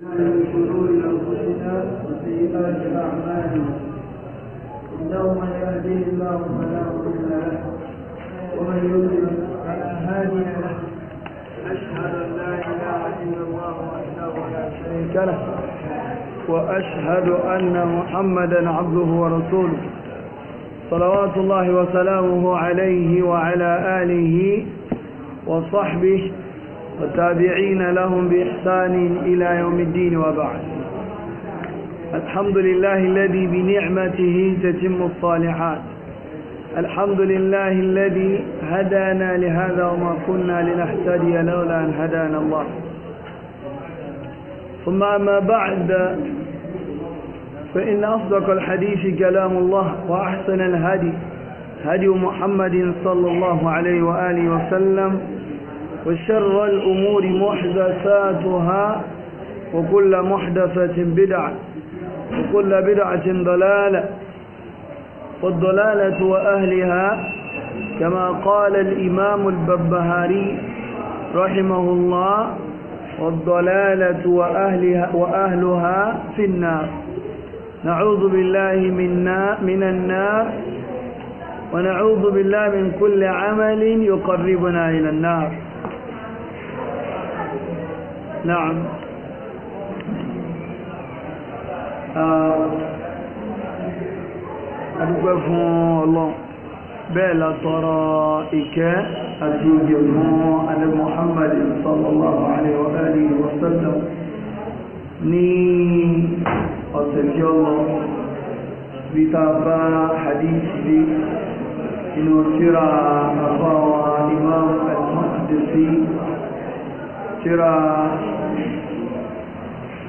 أنفسنا أعمالنا إنه من يهديه الله فلا له ومن فلا هادي له أشهد أن لا إله إلا الله وحده لا شريك له وأشهد أن محمدا عبده ورسوله صلوات الله وسلامه عليه وعلى آله وصحبه والتابعين لهم بإحسان إلى يوم الدين وبعد الحمد لله الذي بنعمته تتم الصالحات الحمد لله الذي هدانا لهذا وما كنا لنهتدي لولا أن هدانا الله ثم أما بعد فإن أصدق الحديث كلام الله وأحسن الهدي هدي محمد صلى الله عليه وآله وسلم وشر الأمور محدثاتها وكل محدثة بدعة وكل بدعة ضلالة والضلالة وأهلها كما قال الإمام الببهاري رحمه الله والضلالة وأهلها, وأهلها في النار نعوذ بالله من, من النار ونعوذ بالله من كل عمل يقربنا إلى النار نعم adúpẹ́ ah, fún ọlọ́run bẹ́ẹ̀ la tọrọ ìkẹ́ àti ìgbè fún alẹ́ Muhammad sallallahu alaihi wa alihi wa sallam ní ọ̀sẹ̀ tí ó bí ta bá hadithi inú tíra àfáwà imam al-Maqdisi مفسرة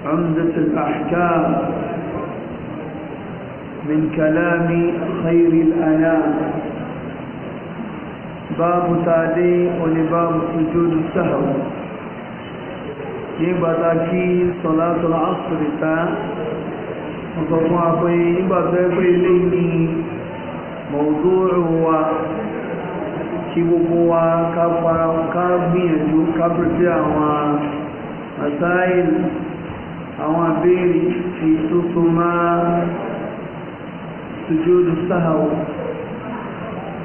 عمدة الأحكام من كلام خير الأنام باب تالي ولباب سجود السهو يبقى تاكي صلاة العصر تا وصفوا في بابا تاكي موضوع هو kí gbogbo wa ká fara ká gbìyànjú ká pèsè àwọn àtàìlì àwọn àbẹ́rẹ́ èyí tó so máa sùjúdù sáhàwò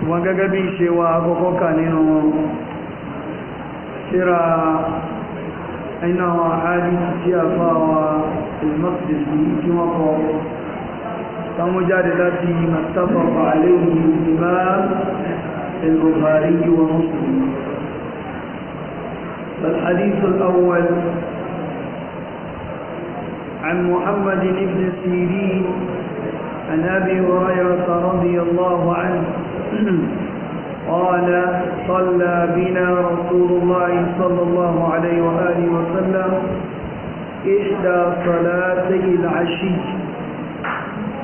wọn gẹ́gẹ́ bí ṣe wa akọ́kọ́ kà nínú wọn síra ẹ̀nà àwọn àárí tí a fà wa ìmọ̀sílẹ̀ tí wọ́n kọ́ tàmójáde láti mọ̀tàbọ̀ àlẹ́ òun ìgbà البخاري ومسلم فالحديث الأول عن محمد بن سيرين عن أبي هريرة رضي الله عنه قال صلى بنا رسول الله صلى الله عليه وآله وسلم إحدى صلاتي العشي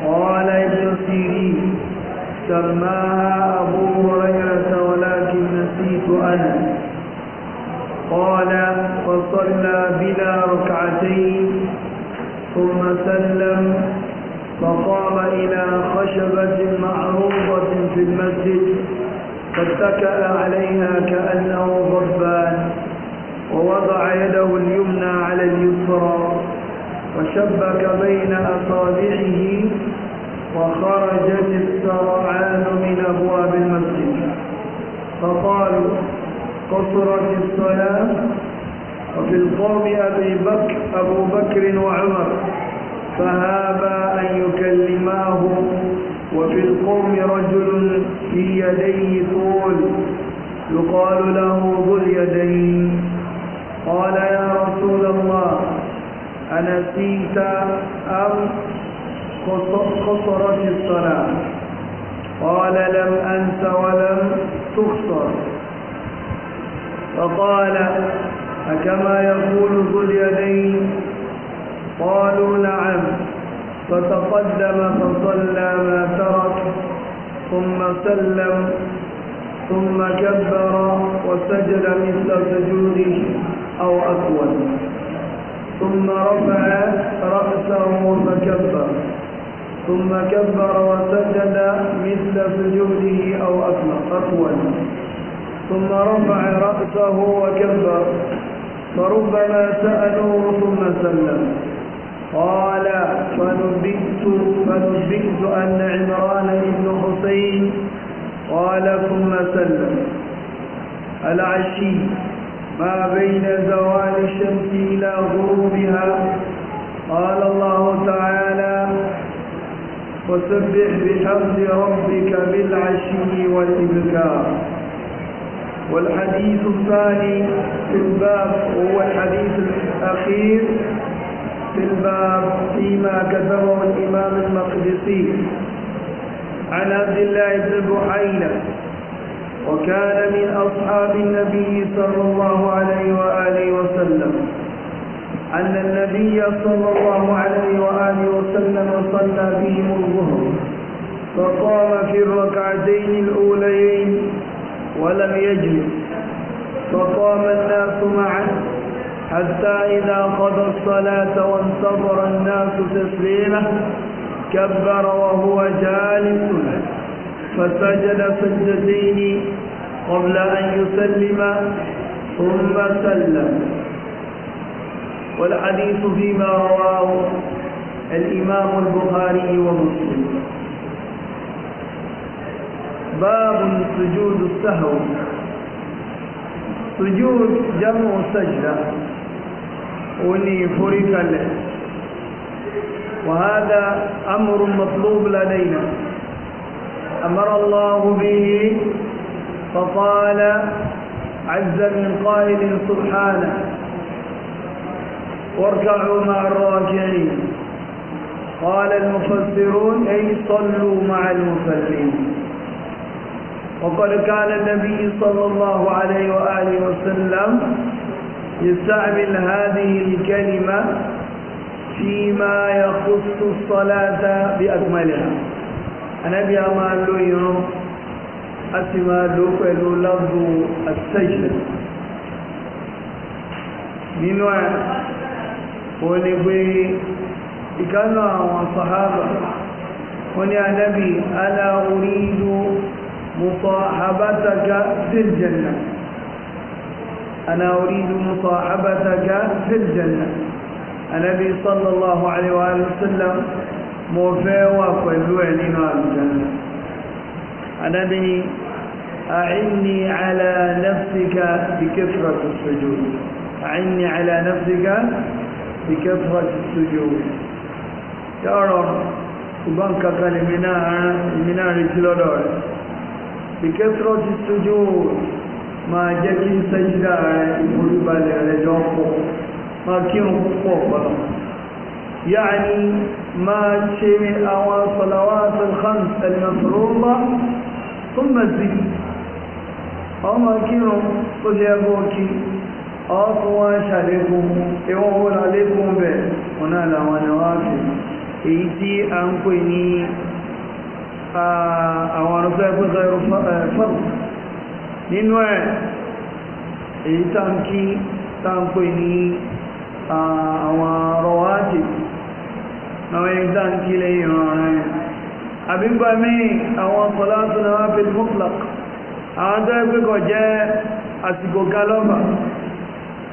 قال ابن سيرين سماها أبو هريرة ولكن نسيت أنا قال فصلى بلا ركعتين ثم سلم فقام إلى خشبة معروفة في المسجد فاتكأ عليها كأنه غربان ووضع يده اليمنى على اليسرى وشبك بين أصابعه وخرجت السرعان من أبواب المسجد فقالوا قصرت الصلاة وفي القوم أبي بكر أبو بكر وعمر فهابا أن يكلماه وفي القوم رجل في يديه طول يقال له ذو اليدين قال يا رسول الله أنسيت أم خسرت الصلاة قال لم أنس ولم تخسر فقال أكما يقول ذو اليدين قالوا نعم فتقدم فصلى ما ترك ثم سلم ثم كبر وسجد مثل سجوده أو أكوى ثم رفع رأسه فكبر ثم كبر وسجد مثل سجوده أو أطول ثم رفع رأسه وكبر فربما سألوه ثم سلم قال فنبئت فنبئت أن عمران بن حسين قال ثم سلم العشي ما بين زوال الشمس إلى غروبها قال الله تعالى وسبح بحمد ربك بالعشي والإبكار والحديث الثاني في الباب هو الحديث الأخير في الباب فيما كتبه الإمام المقدسي عن عبد الله بن بحينة وكان من أصحاب النبي صلى الله عليه وآله وسلم أن النبي صلى الله عليه وآله وسلم صلى بهم الظهر فقام في الركعتين الأوليين ولم يجلس فقام الناس معه حتى إذا قضى الصلاة وانتظر الناس تسليمه كبر وهو جالس فسجد سجدتين قبل أن يسلم ثم سلم والحديث فيما رواه الإمام البخاري ومسلم باب سجود السهو سجود جمع سجدة وني فرق له وهذا أمر مطلوب لدينا أمر الله به فقال عز من قائل سبحانه واركعوا مع الراكعين قال المفسرون أي صلوا مع المفسرين وقد كان النبي صلى الله عليه وآله وسلم يستعمل هذه الكلمة فيما يخص الصلاة بأكملها النبي أمان له أسمى له لفظ السجد من ó ní pé ìkánú àwọn sàhábà wọ́n ní anábì ala uridu musahabataka fil janna ana uridu musahabataka fil janna anábì sallallahu alaihi wa sallam mo fẹ́ wà pẹ̀lú ẹ̀ nínú àlùjànnà anábì ni أعني على نفسك بكثرة السجود أعني على نفسك ìkẹ́fà ti sójú owó yọ́rọ̀ ṣùgbọ́n kankan èmi náà retí lọ́dọ̀ rẹ̀ ìkẹ́fà ti sójú owó máa jẹ́ kí sẹ́jídà rẹ̀ ìforúbalẹ̀ rẹ̀ jọ pọ̀ máa kí n pọ̀ pọ̀lọ̀ yáàni máa ṣe àwọn salawat al-khams al-mafruḍa thumma zikr ọmọ kírun ó lé ẹgbẹ́ òkè ọ̀tún wọn ṣàlékún ewọ́ owó àwọn èyí tí a ń pè ní àwọn arúgbẹ́ ẹgbẹ́ fọ́rù nínú ẹ̀ èyí táǹkí táǹpè ní àwọn rọwáàtì àwọn èyí táǹkí lẹ́yìn àwọn àwọn tó ẹgbẹ́kọ̀ jẹ́ àsìkò galọ́bà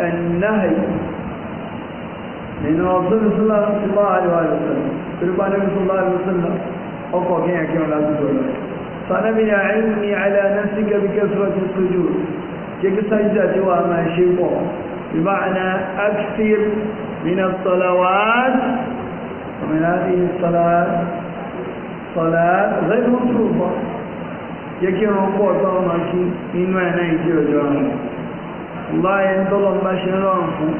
النهي من رسول صلى الله عليه وسلم قربان صلى الله عليه وسلم أوقع يا كمال الدولة طلب العلم على نفسك بكثرة السجود كيف سجدت وما شيبه بمعنى أكثر من الصلوات ومن هذه الصلاة صلاة غير مطلوبة يكي ركوع طالما كي إنما أنا يجي láyé tọ́lọ̀ bá ṣe rọrùn fún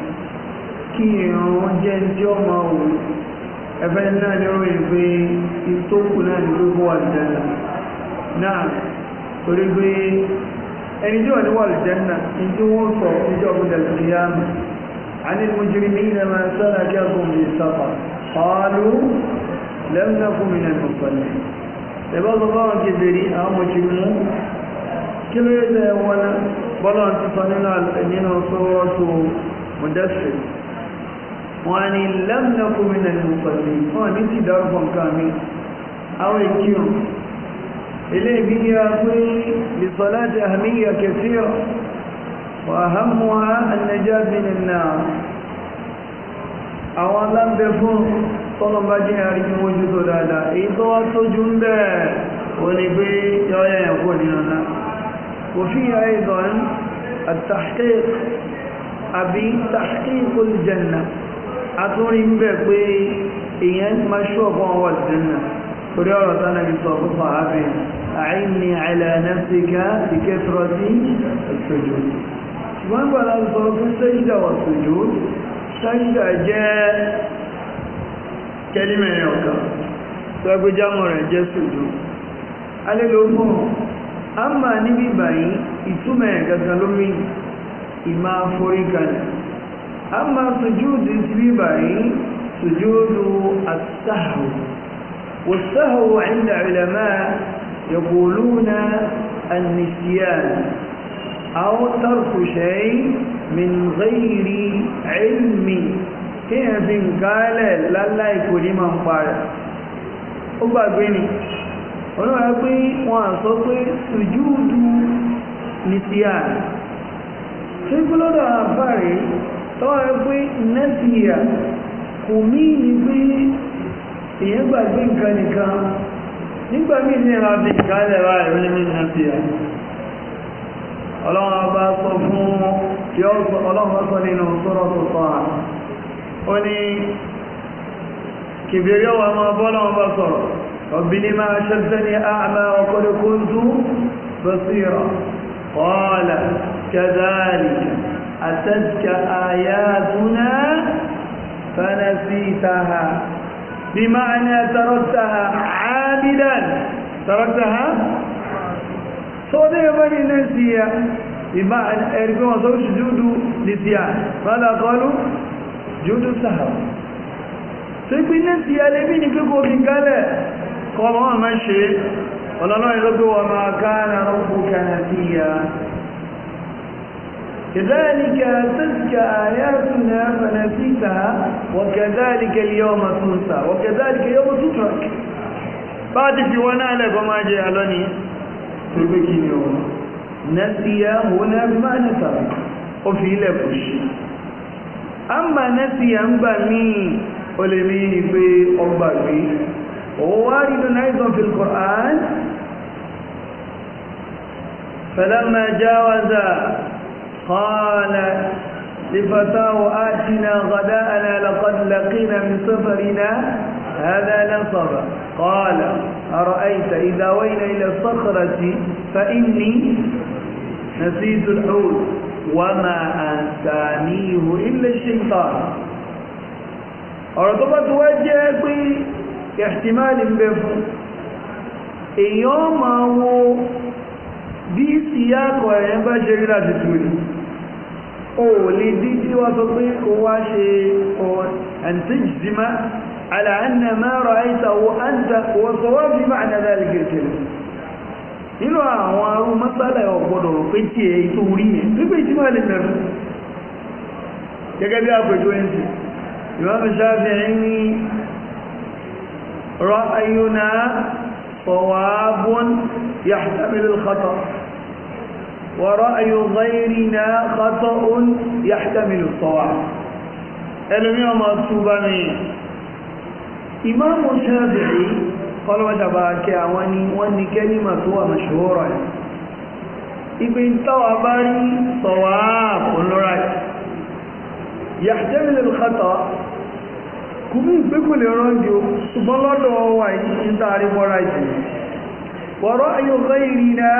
kí ìrún jẹ́ tí ó máa wù ẹ̀fẹ́ náà ní orí pé ìtókù náà ní gbogbo wà lùjẹ́nà náà torí pé ẹni tí wà ní wà lùjẹ́nà tí wọ́n sọ níjọ́ ọ̀gbọ̀dẹ̀ kìíyàmù عن المجرمين ما سلككم في سقر قالوا لم نكن من المصلين ẹ̀bá sọ fáwọn kèbèrè àwọn mọ̀ṣìmú kí ló yẹ tẹ́ wọn náà bọ́lọ̀ ti sọ nínú sọ́wọ́sọ mọ̀dẹ́sì wọn ni lẹ́mìnàkùnrin ẹni pẹ̀lú wọn ní ti dárúkọ nǹkan mi àwọn ìkírun ilé ibi ni a pé lìsọ́lá ti àmìyà kẹfíọ̀ wà hàmùwà ànàjá bìnrin náà àwọn alábẹ́ fún tọ́lọ́mbá jẹ́ àríkí mójú tó dáadáa èyí tó wá tójú ń bẹ́ẹ̀ òní pé yọ́ yẹ̀yẹ̀ kò nínú náà وفيه أيضا التحقيق أبي تحقيق الجنة أتوني بكوي إيان مشوق هو الجنة فريارة النبي صلى الله عليه وسلم أعني على نفسك بكثرة السجود ما قال الله السجدة والسجود سجدة جاء كلمة يوكا فأبو جامع جاء السجود قال له ama نبي باي ìtumọ̀ ẹ̀ gangan lómi ìmá forí kalẹ̀ ama sojúdù síbí báyìí والسهو عند علماء يقولون النسيان أو ترك شيء من غير علم كيف قال لا لا يكون من قال أبا بني olóòrè pé wọn à sọ pé sùjúùdù nìsíà tí gbọ́lọ́dọ̀ àfàrí tọ́wọ́ pé nẹ́sìyà kò mí ní pé èyàn gbàgbé nǹkan nìkan nígbà mí ní ẹ̀rọ bí nǹkan lẹ́wà ní nẹ́sìyà ọlọ́run bá sọ fún ọlọ́run sọ nínú sọ́rọ̀ à ó ní kìbìrì ọwọ́ ọmọ bá sọ̀rọ̀ رب لما اشدني أعمى وقد كنت بصيرا قال كذلك أتتك آياتنا فنسيتها بمعنى تركتها عابدا تركتها صدق من نسيا بمعنى إرجو صوت جود نسيان ماذا قالوا جود سهو سيكون نسيا لبيني كيف في kọ́ ọmọ ọmọ ṣe ọlọ́lọ́rin ló gbé wọn máa káàrà ọkùn kànáfíyà كذلك تلك آياتنا فنسيتها وكذلك اليوم تنسى وكذلك يوم تترك بعد في ونالك وما جاء لني تربكي اليوم نسي هنا بمعنى ترك وفي لكش أما نسي أنبا مين ولمين في أنبا مين ووارد أيضا في القرآن فلما جاوز قال لفتاه آتنا غداءنا لقد لقينا من سفرنا هذا نصبا قال أرأيت إذا وينا إلى الصخرة فإني نسيت الحوت وما أنسانيه إلا الشيطان أرتبت وجهك ẹ̀tìmáàlì ń bẹ fún èyàn máa wo bí ìyàkọ̀ ẹ̀yẹn bá ṣe rí láti tù ní o lè dí tí wọ́n sọ pé o wá ṣe ọ̀ntẹ́jìdímá aláàánà máa rọ̀ àìsàwò wọ́sọ̀wọ́bí máa nà nínú àwọn arún mọ́sálà ọ̀gbọ́dọ̀ pé tí ẹ máa lè mẹ́rin راينا صواب يحتمل الخطا وراي غيرنا خطا يحتمل الصواب الامام الصوباني امام الشافعي قال وجبك اواني واني كلمه هو مشهوره ابن توابري صواب يحتمل الخطا inú ìgbékùnlé rọ́ndì o ṣùgbọ́n lọ́dọ̀ wà ní tààrí mọ́ra jù wọ̀rọ̀ ayọ̀kọ́ ìrìnà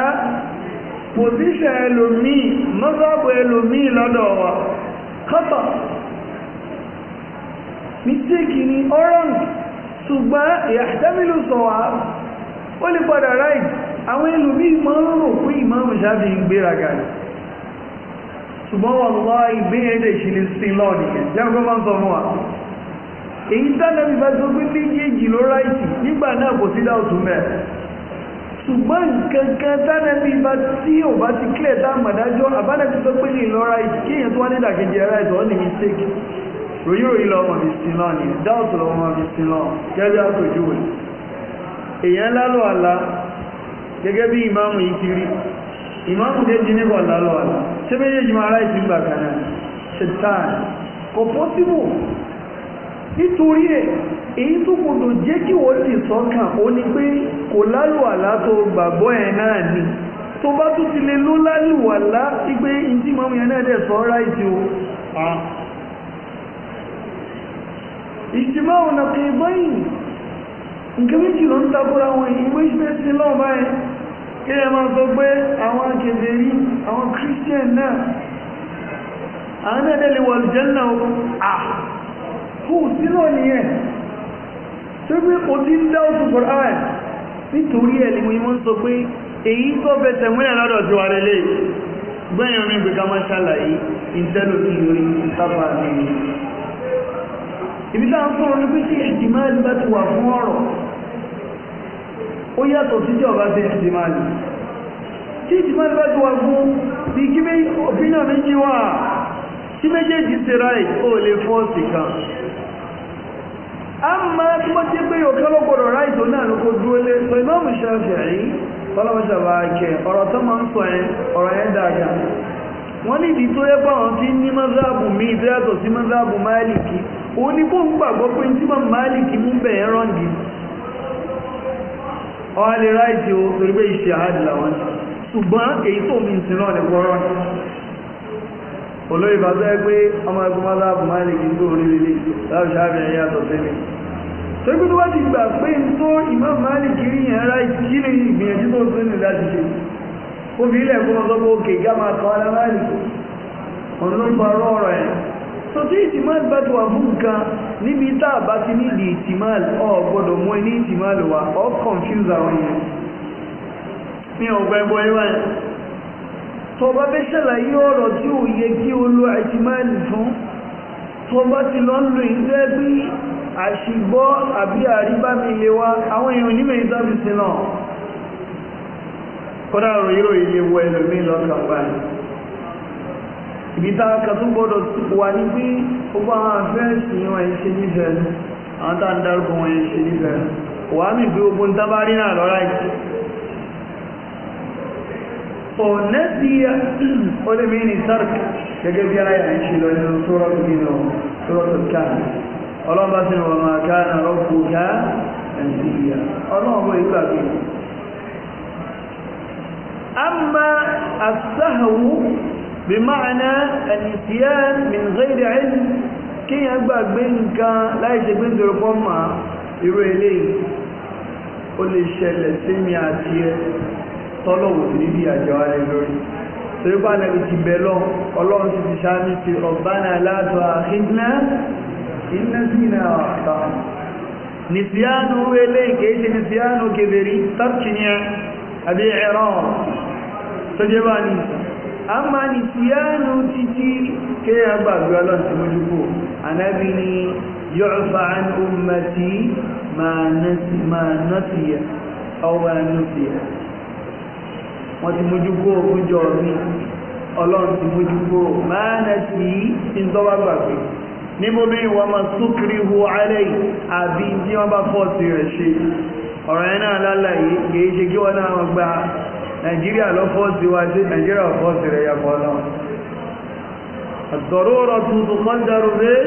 pòsíṣẹ̀ ẹlòmíì mọ́sàbò ẹlòmíì lọ́dọ̀ wa kọ́tọ̀ mistake ni oran ṣùgbọ́n ìyàtẹ́mìlú sọ̀wà ó lè padà ráì àwọn ẹlòmíì máa ń rò pé ìmáàmù ṣáàbì ń gbéraga ṣùgbọ́n wọ́n lọ́ ìgbéyẹ̀dẹ̀ ìṣìlẹ̀ sí lọ́ọ̀dì jẹ́ èyí tánàbí bá sọ pé méjèèjì ló ráìtì nígbà náà kò sí dáòtú mẹ́ ṣùgbọ́n kankan tánàbí bá tí ò bá ti clear táàmàdájọ́ àbánàbí sọ pé lè lọ ráìtì kí èèyàn tó wá nídà kejì ráìtì wọ́n ní mistake ròyìn ròyìn lọ ọmọ mi sin náà ni dáòtú lọ ọmọ mi náà àpèjúwe lálọ́ àlá gẹ́gẹ́ bí ìmáàmù yìí ti rí ìmáàmù kejì nígbà lálọ́ àlá ṣé méjèèjì máa ráìtì gbà kan náà nítorí ẹ̀ èyí tó kò dò jẹ́ kí wọ́n ti tọ́kàn ó ní pé kò lálùwàlá tó gbàgbọ́ ẹ̀ náà ni tó bá tún ti lè ló lálùwàlá sí pé ìdí mọ́mú yẹn náà dẹ̀ sọ ráìtì o ìjìmá ọ̀nà kan ìbáyìn nǹkan méjì ló ń takora wọn ìwé iṣẹ́ sí lọ́wọ́ báyìí kí ẹ máa sọ pé àwọn akẹ̀bẹ̀rí àwọn náà àwọn lè wà lùjẹ́ kú sí lọ nìyẹn tó gbé kò tí ń dá òkú Qur'an nítorí ẹ̀ ni mo ń sọ pé èyí tó bẹ̀tẹ̀ múlẹ̀ lọ́dọ̀ tí wà lélẹ̀ gbẹ̀yìn omi gbẹ̀ká máa ṣàlàyé ìtẹ́lò tí lórí sábà ní ibi tá à ń sọ̀rọ̀ ní pé tí ìdìmáàlì bá ti wà fún ọ̀rọ̀ ó yàtọ̀ sí ìjọba sí ìdìmáàlì tí ìdìmáàlì bá ti wà fún bí kí opinion méjì wà tí méjèèjì ṣe ráì ó lè fọ́ọ̀sì kan a máa tí wọ́n ti pé òkè lọ́gbọ̀dọ̀ ráìtò náà ló kó dúró lé sọ ìmáàmù Ṣáfi'í fọlọ́wọ́sàbà kẹ ọ̀rọ̀ tó máa ń sọ yẹn ọ̀rọ̀ yẹn dáadáa wọ́n nídìí tó yẹ tí ní mọ́sáàbù mi tó yàtọ̀ sí mọ́sáàbù òun ni kó ń gbàgbọ́ pé tí mú bẹ̀ rọ́ǹdì ráìtì o torí pé ìṣe àádìlà wọn ṣùgbọ́n èyí olóyè bá sọ pé ọmọ ẹgbẹ́ mọ́sáàbù máa lè kí n tó orí lílé láti ṣáàbì ẹ̀yà àtọ̀ sẹ́mi tókù tó bá ti gbà pé ń tó Imam Malik rí yẹn ara kí ni ìgbìyànjú tó ń tó ní láti ṣe ó fi ilẹ̀ fún ọsọ pé òkè ká máa kọ́ ara máa lè ọ̀nà ló ń pa ọ̀rọ̀ ọ̀rọ̀ ẹ̀ tó tí ìtìmáàlì bá ti wà fún nǹkan níbi tá a bá ti nídìí ìtìmáàlì ọ̀ gbọ́dọ̀ mú ẹni ìtìmáàlì wa ọ̀ confuse àwọn yẹn ní ọ̀gbẹ́gbọ́ yẹn tó bá fẹ́ ṣàlàyé ọ̀rọ̀ tí ò yẹ kí o lo àìsímáàlì fún tó bá ti lọ ń lo ìgbẹ́ bí àṣìgbọ́ àbí àríbámi ilé wa àwọn èèyàn onímọ̀ ìsáfìsì náà kọ́dá ròyìnrò ilé wọ ẹlòmí lọ́kàn báyìí ibi tá a kàtún gbọ́dọ̀ wà ní pé ó bá wọn wọn yìí ṣe nífẹ̀ẹ́ àwọn tá a ń dárúkọ wọn yìí ṣe nífẹ̀ẹ́ wàá mi bí ogun tábárí náà lọ́ráìtì فنسي قل مين ترك يجب يرى يعيش لأنه سورة كده سورة الكهف الله بس وما كان ربك نسيا الله هو يبقى أما السهو بمعنى النسيان من غير علم كي يبقى بينك لا يجب أن تركم يروي ليه قل الشلة سمي عتيه tọ́lọ̀wò níbi àjọ alẹ́ lórí torí bá nàbí ti bẹ̀ lọ ọlọ́run ti ti sáà ní ti ọ̀bánà aláàtọ̀ àhídínà iná sínà ọ̀tọ̀ nìsíánù ilé ìkéèṣe nìsíánù kèbèrè tọ́kìníà àbí ẹ̀rọ tó يعفى عن أمتي ما نسي ما نسي أو نسي wọ́n ti mójú kó ojú ọ̀mí ọlọ́run ti mójú kó máa nà sí ìtọ́wà gbàgbé níbo bí wọ́n máa súnkiri hu alẹ́ yìí àbí tí wọ́n bá fọ́ sí rẹ̀ ṣe ọ̀rọ̀ ẹ̀ náà lálàyé kìí ṣe kí wọ́n náà gba nàìjíríà lọ fọ́ sí wa sí nàìjíríà fọ́ sí rẹ̀ yàgò ọlọ́run àtọ̀rọ̀rọ̀ tuntun kan dáró rẹ̀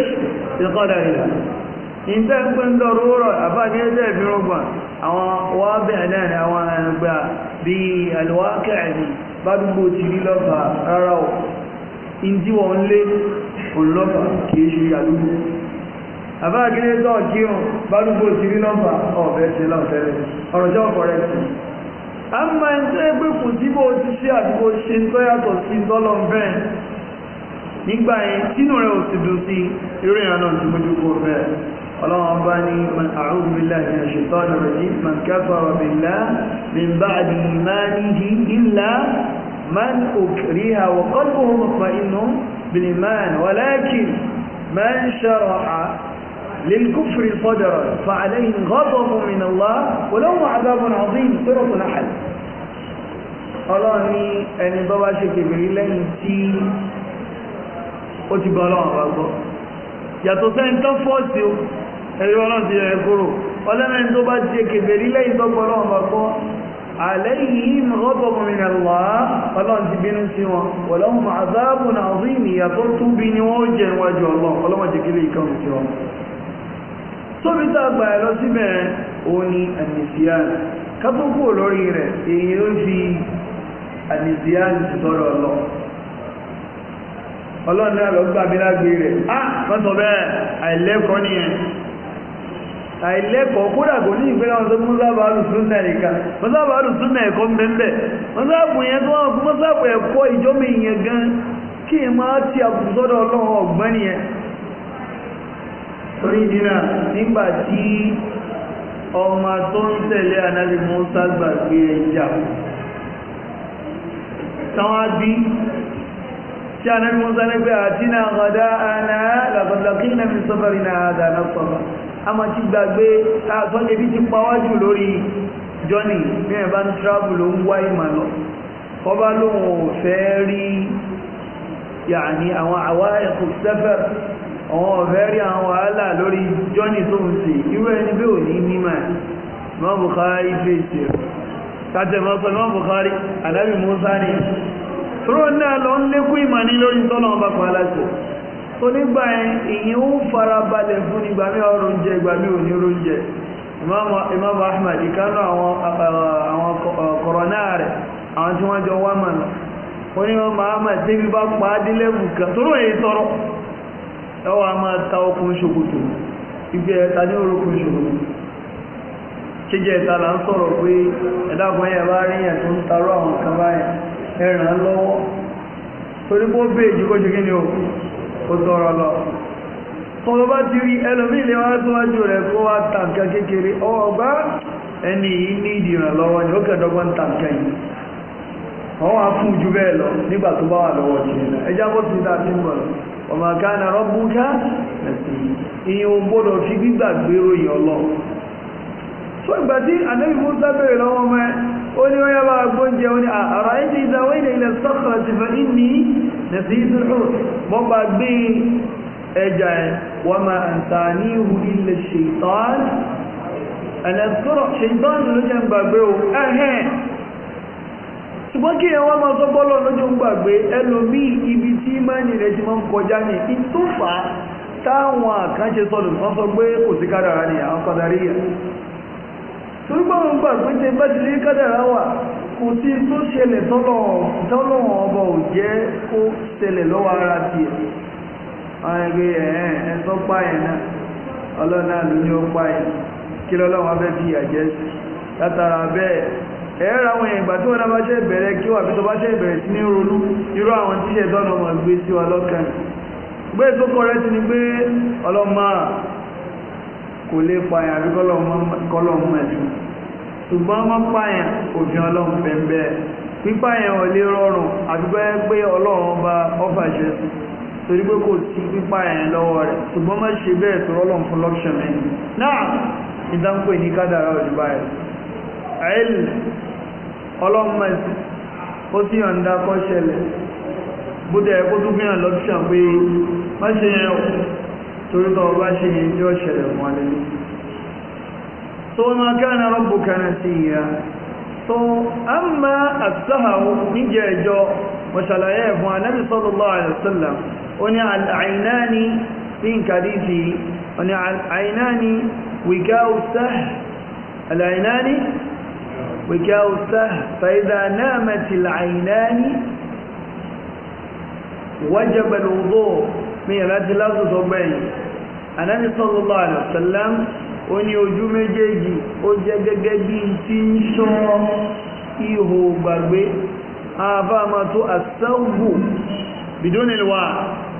ṣe kọ́ ìtẹ́ ń pín dọ̀rọ̀rọ̀ àbájẹ́ ẹ̀fẹ́ ìfìrúgbọ̀n àwọn wọ́n bẹ̀rẹ̀ náà ni àwọn ẹgbẹ́ bí àlùwákẹ́ àìní bá dúgbò ti rí lọ́fà rárá ọ̀ ìdí wọn lé olùlọ́fà kìí ṣe àdúgbò àbá akílé tó kírun bá dúgbò ti rí lọ́fà ọ̀bẹ̀ ṣe láọ̀tẹ́lẹ̀ ọ̀rọ̀ jẹ́ ọ̀kọ̀ rẹ̀ sí a ń máa ń tẹ́ pé kò bó ti ṣe àdúgbò ṣe ń tọ́ sí tọ́lọ̀ nígbà yẹn tínú rẹ̀ ò sì dùn sí eré ìrànà ìmójúkó bẹ́ẹ̀ اللهم باني من أعوذ بالله من الشيطان الرجيم من كفر بالله من بعد إيمانه إلا من أكره وقلبه مطمئن بالإيمان ولكن من شرح للكفر صدرا فعليهم غضب من الله ولهم عذاب عظيم صراط أحد ọlọ́run ní ẹni bọ́ bá ṣe kèbèrè lẹ́yìn tí ó ti gbọ́ ọlọ́run bá gbọ́ yàtọ̀ sẹ́ni tán fọ́ọ̀sì o ẹ̀yọ́ náà ti yẹ kúrò ọlẹ́mẹ̀ni tó bá ti ṣe kèfèrí lẹ́yìn tọ́pọ̀ ọlọ́run bá kọ́ àlẹ́yìn ọgbọ̀gbọ̀n mi nà lọ́ ọlọ́run ti bínú sí wọn wọ̀lọ́hùn àzáàbù náà rí ìnìyà tó tún bí ni wọ́n jẹ níwájú ọlọ́run ọlọ́run ti kílé ìkànnì sí wọn. tóbi náà lọ gbàmílágbé rẹ̀ ah wọ́n sọ bẹ́ẹ̀ àìlẹ́kọ́ nìyẹn àìlẹ́kọ̀ọ́ kódà kò ní ìpínlẹ̀ wọn tó mọ́sáàbù alùsùnà ìka mọ́sáàbù alùsùnà ẹ̀kọ́ mbẹ́mbẹ́ mọ́sáàbù yẹn tó wọn mọ́sáàbù ẹ̀kọ́ ìjọba ìyẹn gan kí n máa ti àbùsọ́dọ̀ ọlọ́run ọ̀gbọ́n nìyẹn. torí dínà nígbà tí ọmọ tó ń tẹ̀lé anábì Mùsá gbàgbé ẹja táwọn bí tí anábì Mùsá nígbà àti náà ọ̀dá àná làbàdàkí a máa ti gbàgbé àtọ́jú ibi ti pawájú lórí johnny ní ẹ̀bá ń travel ló ń wá ìmọ̀ lọ ọba lóun ò fẹ́ rí yàní àwọn àwa ẹ̀kọ́ sẹ́fẹ̀ àwọn ọ̀fẹ́ rí àwọn wàhálà lórí journey to ń ṣe irú ẹni bí ò ní nímọ̀ mọ́ Bukhari fèsì rẹ̀ tàtẹ̀mọ́ sọ mọ́ Bukhari alábì Musa ni tóró náà lọ ń lékún ìmọ̀ ní lórí tọ́lọ́ ọba kan aláṣẹ onígbà ìyìn ó farabalẹ̀ fún ìgbà mí ọrùn jẹ ìgbà mí ò ní oorun jẹ imam ahmed ìkánú àwọn eh, eh, kọ̀rọ̀nà rẹ àwọn tí wọ́n jọ wá mọ̀nà onímọ̀ muhammad tí bí bá pa á délé bùkà yìí tọrọ a máa ta ṣòkòtò ibi ní ṣòkòtò ìta là ń pé bá tó ń àwọn kan báyẹn torí bèèjì kó ṣe kí ni ó tọrọ lọ tọrọ bá ti rí ẹlòmí ilé wá síwájú rẹ̀ kó wá tàǹkà kékeré ọwọ́ bá ẹni yìí ní ìdìrànlọ́wọ́ ni ó kẹ́ẹ̀dọ́gbọ́n tàǹkà yìí wọ́n wá fún jù bẹ́ẹ̀ lọ nígbà tó bá wà lọ́wọ́ ti rẹ̀ ẹjá bó ti dá sí mọ̀ ọmọ kánà rọ́bùnká ìyẹn ò gbọ́dọ̀ fi gbígbàgbé ròyìn ọlọ́ fún ìgbà tí ànábì Mùsá bẹ̀rẹ̀ lọ́wọ́ mẹ́ قولي ويا بابا قنجة وني أرأيت إذا وين إلى الصخرة فإني نسيت الحوت مبعد بي أجعل وما أنسانيه إلا الشيطان أنا أذكر شيطان لجن بابو أهين ṣùgbọ́n kí ẹwà máa sọ bọ́lọ̀ lọ́jọ́ ń gbàgbé ẹlòmí ibi tí mẹ́ni rẹ̀ ti máa ń kọjá ní ìtòfà táwọn àkànṣe sọ́dọ̀ wọ́n sọ pé kò sí kádàrá ní àwọn kọ̀dàríyà torí pé àwọn gbà pé ṣe bẹ́ẹ̀ lé kádàrá wà kò sí tó ṣẹlẹ̀ tọ́lọ̀ ọba ò jẹ́ kó ṣẹlẹ̀ lọ́wọ́ ara tiẹ̀ ẹgbẹ́ ẹ̀ ẹ̀ sọ náà ló ní ó kí fẹ́ fi sí látara bẹ́ẹ̀ àwọn ìgbà tí wọ́n bá ṣe bẹ̀rẹ̀ kí wà fi tó bá ṣe bẹ̀rẹ̀ sí ní ronú irú àwọn tíṣẹ̀ tọ́nà ọmọ gbé kò lè pààyàn àbí kọ́lọ̀ mẹ́jù ṣùgbọ́n wọ́n pààyàn òfin ọlọ́run pẹ̀mbẹ́ pípààyàn ò lè rọrùn àbí bẹ́ẹ̀ pé ọlọ́run bá ọfà ṣe torí pé kò sí pípààyàn lọ́wọ́ rẹ̀ ṣùgbọ́n má ṣe bẹ́ẹ̀ tó rọ́lọ́run fún lọ́pṣọ̀n mi náà ìdánpè ní kádàrá òdìbá rẹ̀ àìlù ọlọ́run mẹ́sì ó sì yàn dá kọ́ bó ثم كان ربك نسيا ثم السهر نجاج مثلا يفهم النبي صلى الله عليه وسلم ونع العينان من كديثي ونع العينان وكاو سه العينان وكاء السهر فإذا نامت العينان وجب الوضوء ní ìrántí lásòsọ gbẹ̀yìn anábì sallallahu alaihi wasallam ó ní ojú méjèèjì ó jẹ́ gẹ́gẹ́ bí tí ń sọ ihò gbàgbé àbá máa tó àṣẹ́wò bìdónìlwà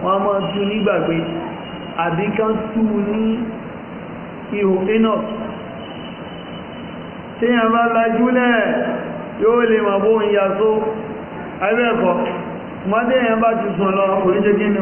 wọn máa tú ní gbàgbé àbí kan tú ní ihò enoch tí yàn bá lajúlẹ̀ yóò lè mọ̀ bó yà só ẹgbẹ́ mọ́dé yàn bá ti sùn lọ oríṣẹ́gí ni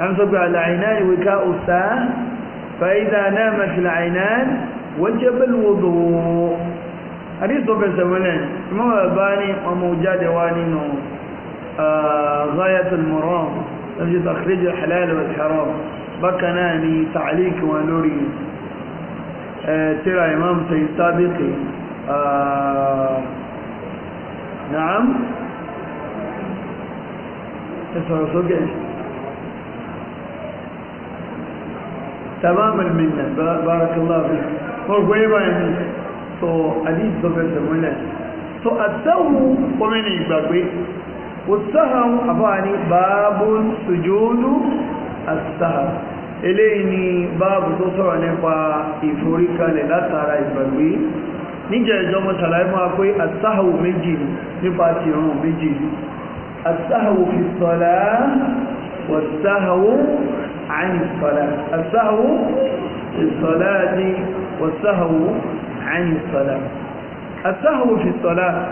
أنفق على العينان وكاء الساعة فإذا نامت العينان وجب الوضوء حديث بن سمولين ما باني وموجاد وانين آه، غاية المرام نجد تخريج الحلال والحرام بكناني تعليق ونوري آه، ترى إمام سيد سابقي آه، نعم تسعى صدق تمام المنة بارك الله فيك وقويبا يعني تو حديث بفر سمونا تو السهو ومن يبقى والسهو أفاني باب سجود السهو eléyìí ni báàbù tó sọ̀rọ̀ nípa ìforíkalẹ̀ látara ìgbàgbé níjẹ̀ ìjọmọ̀ ṣàlàyé máa pé àtàhàwò méjì nípa ti ìrun méjì àtàhàwò fi sọ̀lá والسهو عن الصلاة السهو في الصلاة والسهو عن الصلاة السهو في الصلاة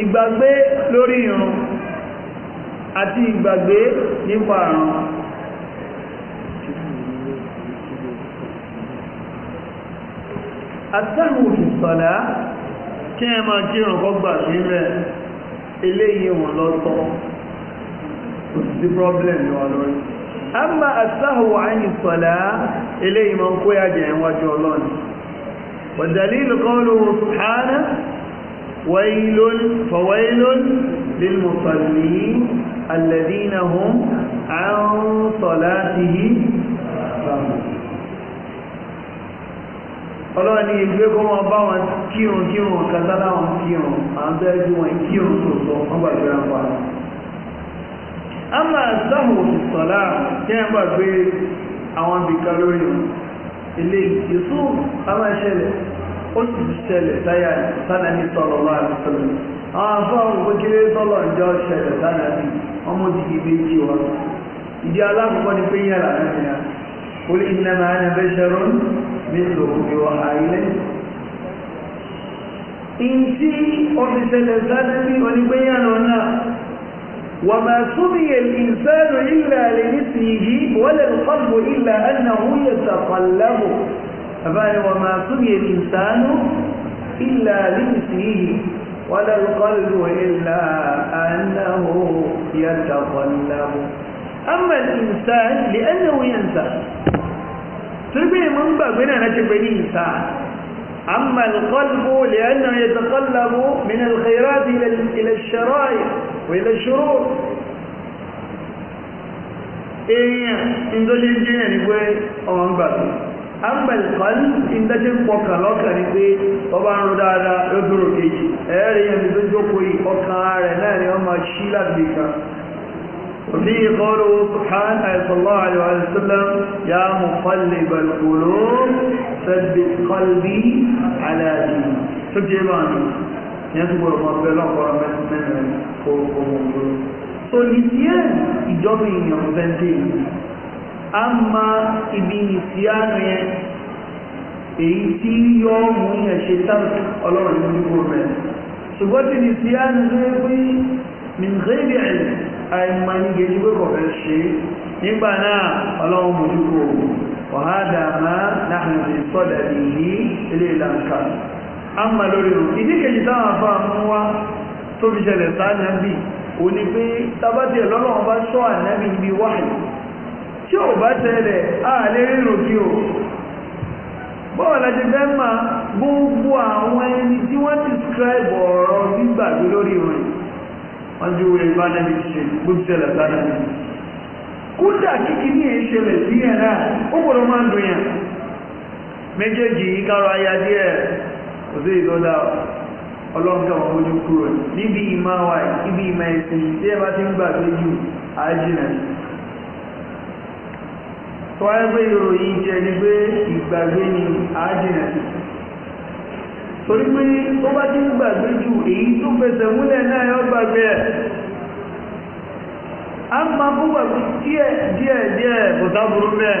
ìgbàgbé lórí irun àti ìgbàgbé nípa àrùn àtàrù ìsọ̀lá kí ẹ máa kírun kọ́gbà sí rẹ̀ eléyìí wọn lọ́tọ́ sí problem ní wọn lórí amma asáhùwà ẹni sọ̀lá eléyìí máa ń kó yàjẹ̀ ìwájú ọlọ́run wàdàlílù kọ́lù sùhánà wailun fawailun lilmusalli alladina hum an salatihi ọlọ́run ní ìgbé kó wọn bá wọn kírun kírun kátàlá wọn kírun àwọn bẹ́ẹ̀ wọn kírun tó sọ wọn gbàgbé wọn pa a máa sáhùn òṣìṣọ́lá kí wọ́n bá gbé àwọn abìkan lórí wọn ilé ìsú a máa ṣẹlẹ̀ ó sì ṣẹlẹ̀ táyà sánàbí sallallahu alaihi wasallam àwọn afọ́hùn kékeré tọ́lọ̀ ìjọ ṣẹlẹ̀ sánàbí ọmọ òjìgì náà إنما أنا بشر مثلكم يوحى إن تي أرسل سنبي ونبيان وما سمي الإنسان إلا لمثله ولا القلب إلا أنه يتقلب وما سمي الإنسان إلا لمثله ولا القلب إلا أنه يتقلب أما الإنسان لأنه ينسى تبي من بابنا نجيب الإنسان أما القلب لأنه يتقلب من الخيرات إلى الشرائع wèlé ṣòro èèyàn in tó ṣe ń jẹ́yàn ní pé ọmọ ń gbà tó ambal kan in tó ṣe ń pọkàn lọ́kàn ní pé ọba ń ro dáadáa ló dúró kejì ẹ̀ẹ́rì yẹn tó jókòó yìí ọkàn rẹ̀ náà ni wọ́n máa ṣí láti kan وفيه قوله سبحانه صلى الله عليه وسلم يا مقلب القلوب ثبت قلبي على دينك سبحانه yẹn tó gbọdọ̀ máa bẹ́ẹ̀ lọ́kọ̀ọ́rọ̀ mẹ́tí mẹ́rin orúkọ wọn lórí. so nìyẹn ìjọba èèyàn bẹ́ndé a máa ibi ìsìánu yẹn èyí tí yọ mú yẹn ṣe tán ọlọ́run ní gbogbo rẹ̀ ṣùgbọ́n tí ìsìánu ló pé mìngẹ́bì àìmọ̀ ní gẹ̀ẹ́jì pé ṣe nígbà náà ọlọ́run mú yìí kò wàhádà náà lè sọ́dà nìyí ilé ìlànà Ama ń ma lórí rùn ìdíkejì táwọn afá mú wá tó fi ṣẹlẹ̀ ní pé tabati ẹ̀lọ́lọ́wọ́n bá ṣọ́ ànábì níbi wáyé tí ò a rírò kí o bọ́ọ̀ láti fẹ́ ma gbogbo àwọn ẹni tí wọ́n ti scribe ọ̀rọ̀ gbígbàgbé lórí rẹ̀ wọ́n ju ìbánẹ́bí ṣe ṣẹlẹ̀ kódà kíkí ní sí náà ó gbọ́dọ̀ máa ń dùn méjèèjì ayá díẹ̀ kò sí èyí tó dá kúrò níbi ìmọ̀ wa níbi ìmọ̀ ẹ̀sìn tí ẹ bá ti ń gbàgbé jù àjìnà tó wáyé pé ìròyìn jẹ ni pé ìgbàgbé ni àjìnà torí pé ó bá ti ń gbàgbé jù èyí tó fẹsẹ̀ múlẹ̀ náà a máa fún gbàgbé díẹ̀ díẹ̀ díẹ̀ kò sáburú bẹ́ẹ̀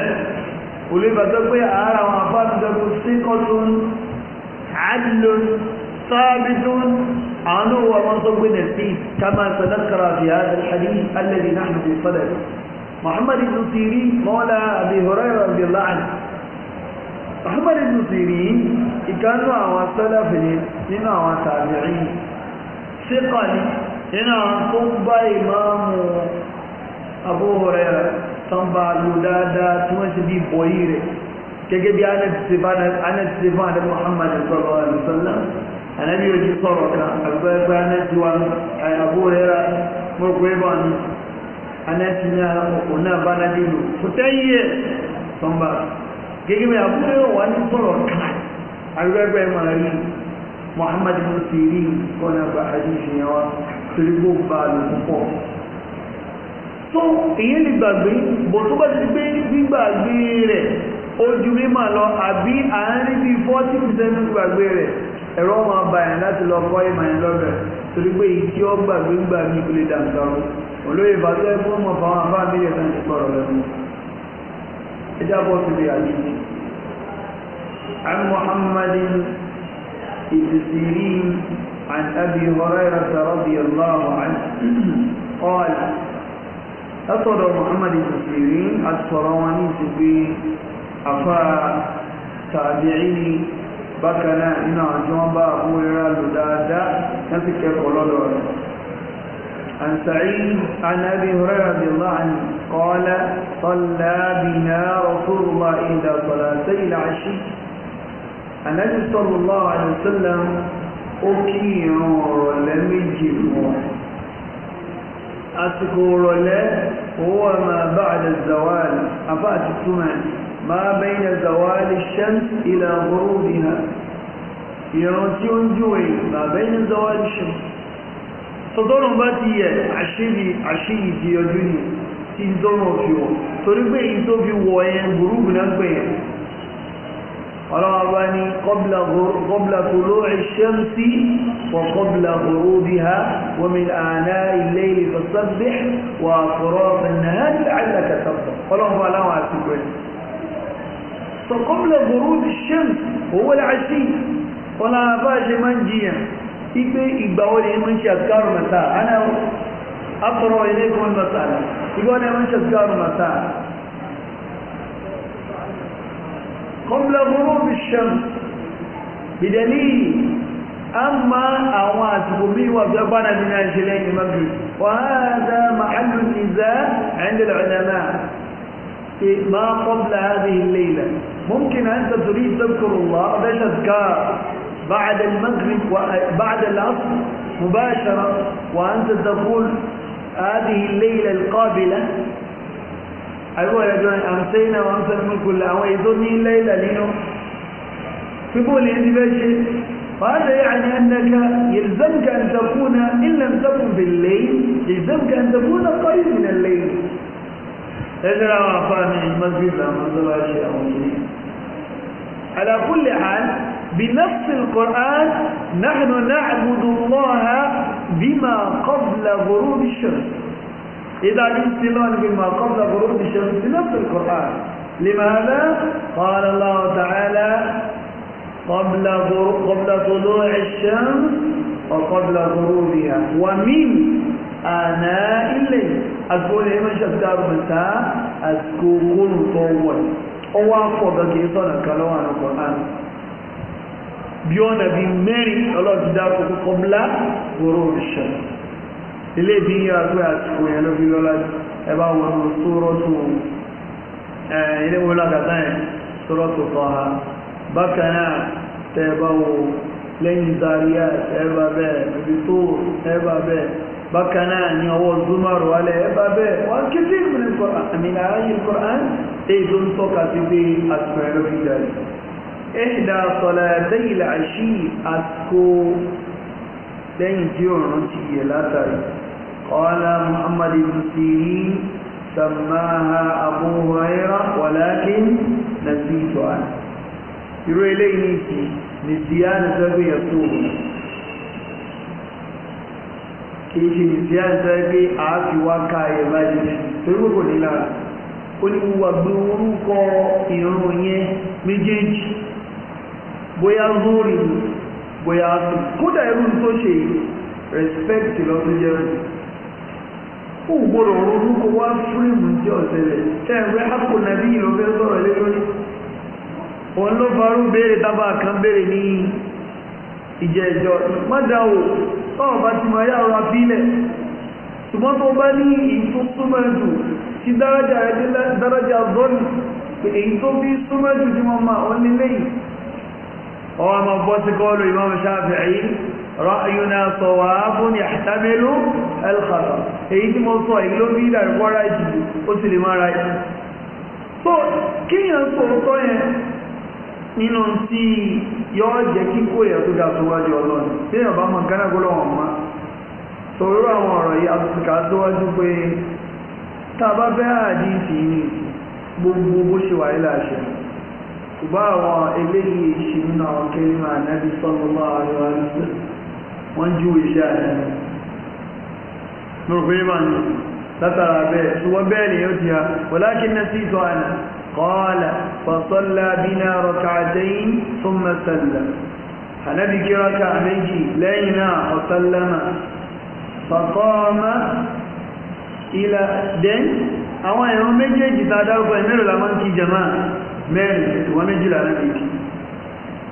kò lè bàtọ́ àwọn àbá عدل ثابت عنه ومنطق من الدين كما تذكر في هذا الحديث الذي نحن في صدده محمد بن سيرين مولى أبي هريرة رضي الله عنه محمد بن سيرين كانوا أوان سلفين هنا أوان تابعين ثقل هنا أنتم إمام أبو هريرة تنبع لدادا تمشي بويره gẹ́gẹ́ bí anẹ́tìsẹ́fà ní Muhammad sọ̀rọ̀ àdìsọ́lá ànábì ojú sọ̀rọ̀ kan àgbẹ̀gbẹ̀ anẹ́tìwá àbúrẹ́ra mọ̀kọ́ ìbọn anẹ́tìní àkọ́kọ́ náà bá nábì lò fòtẹ́yẹ tọ́mbà gẹ́gẹ́ bí àbúrẹ́ra wà ní sọ̀rọ̀ kan àgbẹ̀gbẹ̀ màrí Muhammad mọ̀ kọ́nà bá àdìsẹ́yẹwà tó èyí lè gbàgbé bọ̀ tó bá ti pé gbígbàgbé rẹ̀ ojú mímọ̀ lọ àbí àárín bíi forty gbàgbé rẹ̀ ẹ̀rọ ọmọ abàyàn láti lọ kọ́ ìmọ̀ yẹn torí pé ìdí ọgbà gbígbà ní ìpele dàgbàrú olóyè ìbátọ́ ẹ fún ọmọ fáwọn afá mi lè kàn pọ̀rọ̀ lẹ́nu ẹjá bọ́ síbi àdìsí عن محمد بن سيرين عن أبي هريرة رضي الله عنه látọ̀dọ̀ muhammad kìfìrí àtọ̀rọ̀ wọn ní ti pé afá tàbíyí ni bákan náà nínú àwọn tí wọ́n bá àbú rírà lò dáadáa wọ́n sì kẹ́kọ̀ọ́ lọ́dọ̀ rẹ̀ عن سعيد عن أبي هريرة رضي الله عنه قال صلى بنا رسول الله إلى صلاتي العشي النبي صلى الله عليه وسلم àsìkò rọ̀lẹ́ owó àmà bá àdà zawal afá àti túnmẹ̀ máa bẹ́yìn zawal shams ila ghurubiha ìran tí ó ń júwe máa bẹ́yìn zawal shams tọ́tọ́rùn bá ti yẹ àṣíyì ti yọjú ni tí ń tọ́rùn fi torí pé èyí fi wọ̀ ẹ burúkú náà ọlọ́wọ́ bá ní kọ́bla tòló ìṣẹ́msí wọ kọ́bla òró bí ha wọ́n àná ilé ìfọ̀sọ́bẹ̀ wà fọ́rọ́ nàhálì àlàkàtàbọ̀ ọlọ́wọ́ aláwọ̀ àti pẹ̀lú فقبل غروب الشمس هو العشي ولا باجي منجيا ipe ìgbà wo ni mo ń ṣe àkàrù màtá ana àpọ̀rọ̀ ilé kan màtá ìgbà wo ni mo ń ṣe àkàrù màtá قبل غروب الشمس بدليل أما أوات قبي وجبنا من أجلين مبي وهذا محل النزاع عند العلماء ما قبل هذه الليلة ممكن أنت تريد تذكر الله باش أذكار بعد المغرب وبعد العصر مباشرة وأنت تقول هذه الليلة القابلة أقول يا جوان أمسينا وأمسى الملك الله ويزودني الليل لينه يقول لي أنت باشي وهذا يعني أنك يلزمك أن تكون إن لم تكن بالليل يلزمك أن تكون قريب من الليل إذا أعطاني المسجد لما أشياء على كل حال بنفس القرآن نحن نعبد الله بما قبل غروب الشمس إذا الامتنان بما قبل غروب الشمس في نفس القرآن لماذا؟ قال الله تعالى قبل قبل طلوع الشمس وقبل غروبها ومن آناء الليل أقول إما شفتار مساء أذكرون طول أوافق أفضل كي صنع كلوان القرآن بيونا بمري الله تدافق قبل غروب الشمس ilé ìdí yíra pé àtìkò yẹn ló fi lọ́lá ẹbá wọn tó rọ́tù ilé wọn lágàtà yẹn tó rọ́tù fọ́ ha bákan náà tẹ́ẹ̀bá wo lẹ́yìn zaria ẹ̀bá bẹ́ẹ̀ ibi tó ẹ̀bá bẹ́ẹ̀ bákan náà ní ọwọ́ zumaru alẹ́ ẹ̀bá bẹ́ẹ̀ wọ́n kété ìpínlẹ̀ kọ́ra àmì ààyè kọ́ra èyí tó ń tọ́ka sí pé àtìkò yẹn ló fi jáde. إحدى صلاتي العشي أتكو lẹ́yìn tí òòrùn ti yẹ látàrí qala muhammad ibn sirin sàmáhà abu huraira walakin nasitu an irú eléyìí ní ti nìsíyàn sẹ́gbẹ̀ yẹ tó wù kìí ṣe nìsíyàn sẹ́gbẹ̀ àáfi wá ká ẹ̀ báyìí torí kò ní ó ní wíwà gbé orúkọ ìrún yẹn méjèèjì bóyá lórí bóyá kódà irú tó ṣe respect lọ́dún jẹ́ ó gbọ́dọ̀ ronú kó wá fíìmù jẹ́ ọ̀sẹ̀lẹ̀ tẹ́ ẹ̀rẹ́ àpò nàbí ìlú fẹ́ sọ̀rọ̀ lé lórí wọn ló farú béèrè tábà kan béèrè ní ìjẹ́ ìjọ mọ́dáwò tọ́wọ́ bá ti máa yára bílẹ̀ ṣùgbọ́n tó bá ní dárájà dárájà èyí ọwọ́ ma bọ́ sí kọlu imam shafi'i ra'ayuna sawabun yahtamilu al-khata èyí tí mo sọ ìlú bí ìdàrúkọ́ra jù ó sì lè má ra yìí so kíyàn sọ̀rọ̀ yẹn nínú tí yọ́ jẹ́ kíkó yẹ tó dá tó wájú ọlọ́run tí yàn bá mọ̀ gánà gbọ́dọ̀ wọn mọ́ sọ̀rọ̀ àwọn ọ̀rọ̀ yìí àtúntìkà tó wájú pé tá a bá bẹ́ àdìsí ní gbogbo bó ṣe wà nílẹ̀ àṣẹ ṣùgbọ́n àwọn eléyìí ṣì nínú àwọn kẹrìmà ànábì sallallahu alaihi wasallam wọ́n jú iṣẹ́ ànábì nùrùfẹ́ máa ń látara bẹ́ẹ̀ ṣùgbọ́n bẹ́ẹ̀ ni yóò ti ha walakin nasitu ana qala fasalla bina rak'atayn náà ọ̀sálẹ́mà mẹ́rin ìwọ́n méjìlá náà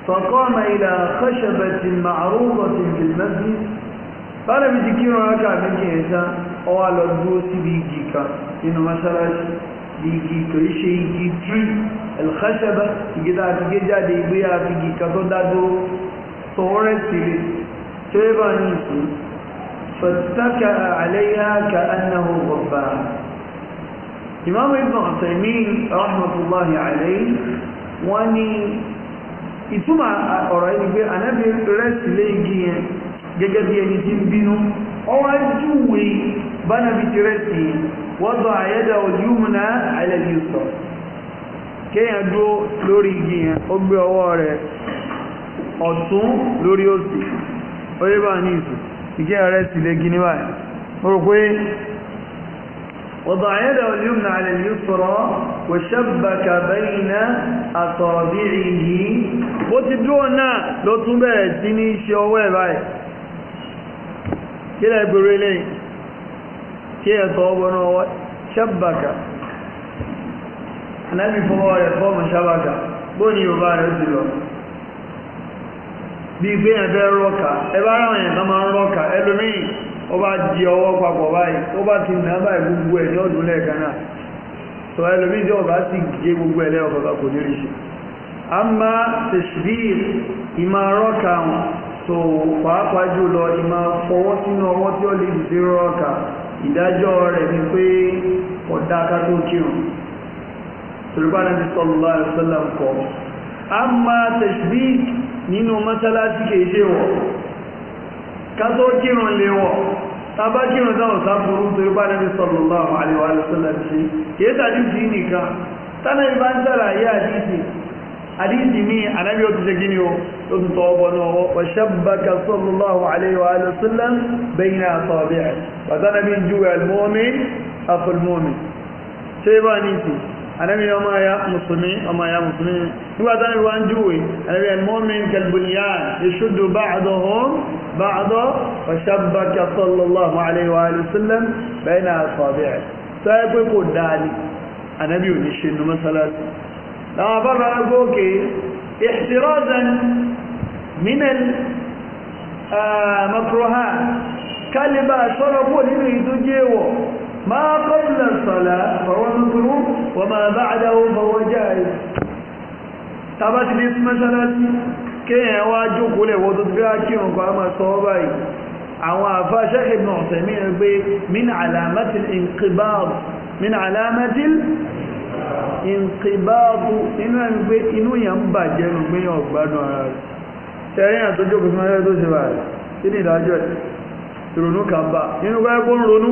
فقام إلى خشبة معروضة في المسجد قال بذكير ركع بك إيسا على الدوس بيجيك إنه مثلا بيجيك إيش يجيك الخشبة إذا تجد بيا دو تدادو طورتي تيبانيسي فاتكأ عليها كأنه غفار Imam Ibn Uthaymeen rahmatullahi alayhi wọ́n ní ọ̀rọ̀ yìí pé anábì rẹ́sì lé igi yẹn gẹ́gẹ́ bí ẹni tí ń bínú ọwọ́ júwe bánàbí ti bana wọ́n sọ àyẹ́dà al-yumna ala al-yusra kéèyàn dúró lórí igi yẹn ó gbé ọwọ́ rẹ̀ ọ̀tún lórí òsì ó bá ní ìsù ìkẹ́ lé igi وضع يده اليمنى على اليسرى وشبك بين أصابعه وتدونا لو تبعت ديني شوه باي كده يقول لي كده صوبنا شبك نبي فهو يقوم شبكة بني يبارك الله bí gbé ẹ̀fẹ́ rọ́kà ẹbá ráwọn ẹ̀kan máa ó bá di ọwọ́ papọ̀ báyìí ó bá ti nà báyìí gbogbo ẹ̀ ní ọdún lẹ́ẹ̀kan náà sọ ẹlòmíì tí ọba sì gé gbogbo ẹ̀ lẹ́yọ̀ bàbá kò ní rí ṣe àmà tẹ̀síbí ìmọ̀ rọ́ọ̀kà wọn tó pàápàá jùlọ ìmọ̀ fọwọ́ sínú ọwọ́ tí ó lè dìde rọ́ọ̀kà ìdájọ́ rẹ̀ ni pé ọ̀dà ká tó kírun tòlúbà náà ti sọ lọ́wọ́ àìsàn làǹkọ́ àmà tẹ̀síbí nínú mọ́sálásí kèéjẹ́ wọ̀ kátó kírun lè wọ̀ tábá kírun táwọn sáfúrú torí bá nẹ́bí sallallahu alaihi wa sallam ṣe kìí tàbí sí nìkan tánà ìbá ń tàrà ayé àdíjì àdíjì ní ànábí ó ti ṣe gíní o ó ti tọ́ ọgbọ́n ọwọ́ anabi ni ọmọ ya musulmi ọmọ ya musulmi nígbàtà ní wọ́n júwe anabi al-mu'min kalbunyan yashuddu ba'duhum ba'da wa shabbaka sallallahu alaihi wa sallam bayna asabi' sáyé pé kò dáadé anabi ò ní ṣe nu masalasi láwọn afárá gòkè ihtirazan min al-makruhat ah, kálíbà sọ́rọ̀ pọ̀ nínú ما قبل الصلاة فهو مكروه وما بعده فهو جائز tabat ní mẹ́sàlásí kéèyàn wá jókòó lẹ̀wọ́ tó ti gbá kírùn kọ́ a máa sọ ọ́ báyìí àwọn àfá Shaykh Ibn Uthaymin rẹ̀ pé min alamatil inqibad min alamatil inqibad inú ẹ̀ pé inú yẹn ń bàjẹ́ nù pé yẹn ọ̀gbádùn ara rẹ̀ tẹ̀ríyàn tó jókòó fún ẹgbẹ́ tó ṣe báyìí kí ni ìdájọ́ ìrònú kan bá nínú kọ́ ẹ̀kọ́ ń ronú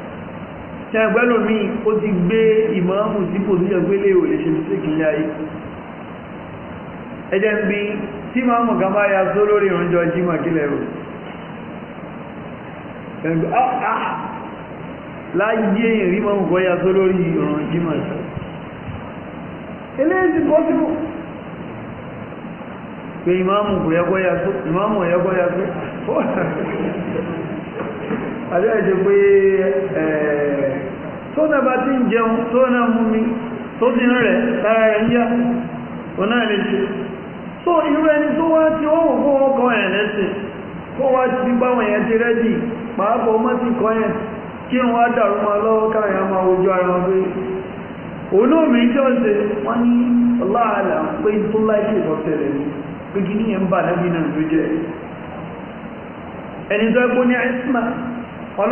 ṣẹ́gbẹ́lò mi ó ti gbé ìmọ̀ọ́mù tí kò ní ẹgbẹ́lé ò lè ṣe mistake ní ayé ẹjẹ́ ń bí tí máa mọ̀ kan bá ya só lórí ìrànjọ jímọ̀ kílẹ̀ rò ah, ah. láyé ìrí máa ń kọ́ ya só lórí ìrànjọ jímọ̀ eléyìí ti pọ́sibú pé ìmáàmù kò yẹ kọ́ ya só ìmáàmù yẹ kọ́ ya só àbí ẹ̀jẹ̀ pé ẹ̀ẹ́ tó na tí ń jẹun tó náà mú mi tó ti ń rẹ̀ lára rẹ̀ yá náà lè ṣe so irú ẹni tó wá tí ó wò fún ọkọ̀ ẹ̀ kó wá ti báwọn yẹn ti rẹ́dì pàápọ̀ mọ́ ti kọ́ yẹn kí wọ́n dàrú lọ́wọ́ ara wọn pé olóòmì jọ ṣe wọ́n ní ọláàlà pé tó láìsí ìfọ́sẹ̀rẹ̀ ni pé kí ní ń bà lẹ́bí náà ló jẹ́ ẹni tó